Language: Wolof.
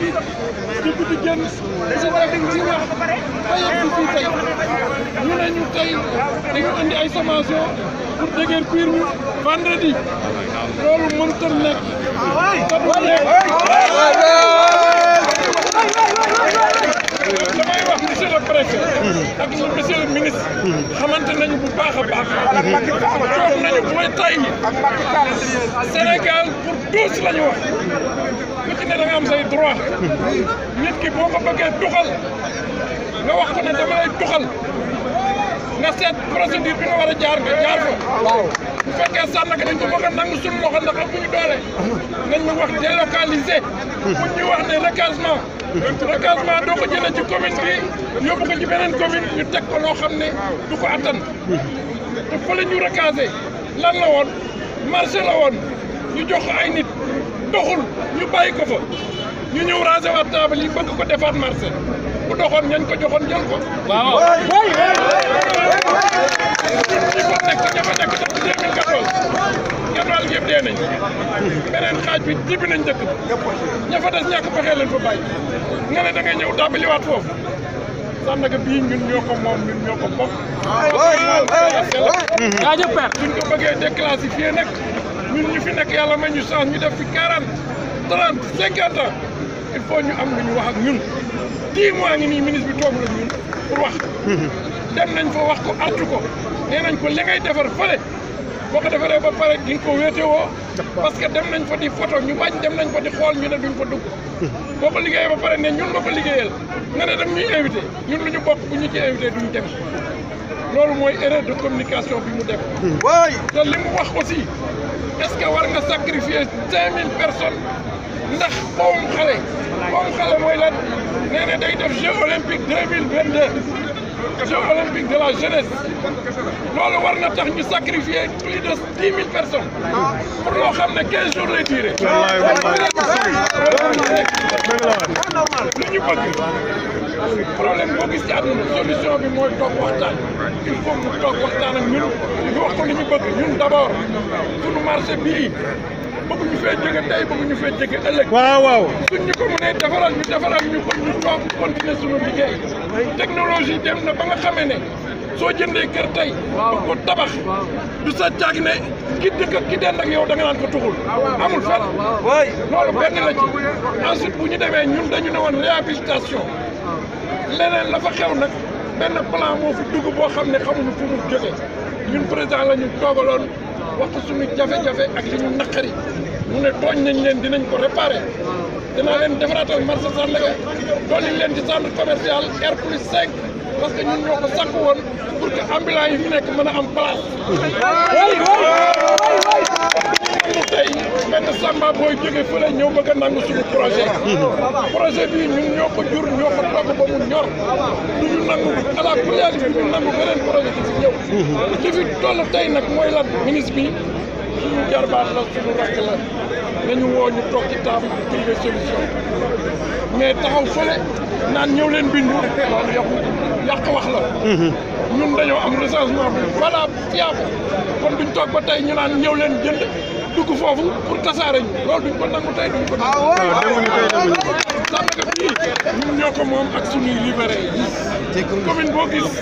député génn si war a dégg ci wax ba yegg fii tey ñu ne ñu tey dañu indi ay sommation pour déguerpir ñu vendredi loolu mënut nekk monsieur le ministre. xamante nañu bu baax a baax. toog nañu bu may tay Sénégal pour tous la ñu wax. ku ci ne da nga am say droit. nit ki boo ko bëggee tuxal. nga wax ko ne dama lay tuxal. nga seet procédure bi nga war a jaar nga jaar ko. bu fekkee Sandaga dañ ko bëgg a nangu suñu loxo ndax amuñu doole nañ ñu wax délocalisé buñ ñu wax ne recasement recasement doo ko jëlee ci commune bi yóbbu ko ci beneen commune ñu teg ko loo xam ne du ko attan te fële ñu recasé lan la woon marché la woon ñu jox ko ay nit doxul ñu bàyyi ko fa ñu ñëw rasé waat yi bëgg ko defaat marché bu doxoon ñañ ko joxoon jël ko ñi fa nekk ña fa nekk depuis 2014 ña baal yëpp ñëw dàbbaliwaat foofu Sandaga bii ñun ñoo ko moom ñun ñoo ko bokk. jaajëf père ñu fi nekk yàlla ma ñu chance ñu def fi 40 30 50 ans il faut ñu am lu ñu wax ak ñun 10 ngi nii ministre bi toog ñun pour wax. dem nañ fa wax ko artu ko. nee nañ ko li ngay defar fële boo ko defaree ba pare di ko wéetewoo parce que dem nañ fa di photo ñu bañ dem nañ fa di xool ñu ne duñ fa dugg boo ko liggéeyee ba pare ne ñun nga ko liggéeyal nga ne dang ñuy invité ñun lu ñu bokk bu ñu ci invité duñ dem loolu mooy erreur de communication bi mu def waay te li mu wax aussi parce que war nga sacrifier cinq mille personnes ndax boobu xale boobu xale mooy lan nee na day def Jeux olympiques deux jeux olympiques de la jeunesse loolu war na tax ñu sacrifier plus de dix mille personnes pour loo xam ne quinze jours lay duré lu ñu bëgg problème boo gis ci àdduna solution bi mooy toog waxtaan il faut mu toog waxtaan ak ñun ñu wax ko li ñu bëgg ñun d'abord suñu marché bii bëgguñu fee jóge tey ñu ko mënee defaral ñu defaral ñu ko ñu toog continuer na ba nga xamee soo jëndee kër tey. waaw ba ko tabax. du sa caag ne ki dëkk ki dend ak yow da nga naan ko tuxul. amul fenn. waay loolu benn bu ñu demee ñun dañu ne woon réhabilitation. leneen la fa xew nag benn plan moo fi dugg boo xam ne xamuñu fu mu jógee ñun président la ñu waxtu suñu jafe-jafe ak li ñu naqari mu ne tooñ nañ leen dinañ ko réparer dinaa leen defaraatal marché Sandaga dolli leen ci centre commercial R plus 5 parce que ñun ñoo ko sàkk woon pour que ambulant yi nekk mën a am place. tey benn samba booy jóge fële ñëw bëgg a nangu suñu projet projet bi ñun ñoo ko jur ñoo ko togg ba mu ñor du ñu nangu à la plage bi ñu nangu beneen projet di ñëw ci fi toll tey nag mooy lan ministre bi suñu jarbaat la suñu rakk la nañu woo ñu toog ci table di trouver solution mais taxaw fële naan ñëw leen bindu loolu yàqu yàq wax la ñun dañoo am recensement voilà fiable kon duñ toog ba tey ñu naan ñëw leen jënd dugg foofu pour tasaare ñu loolu duñ ko nangu tey duñ ko nangu ah Sandaga bii ñun ñoo ko moom ak suñuy libéré yi commune boo gis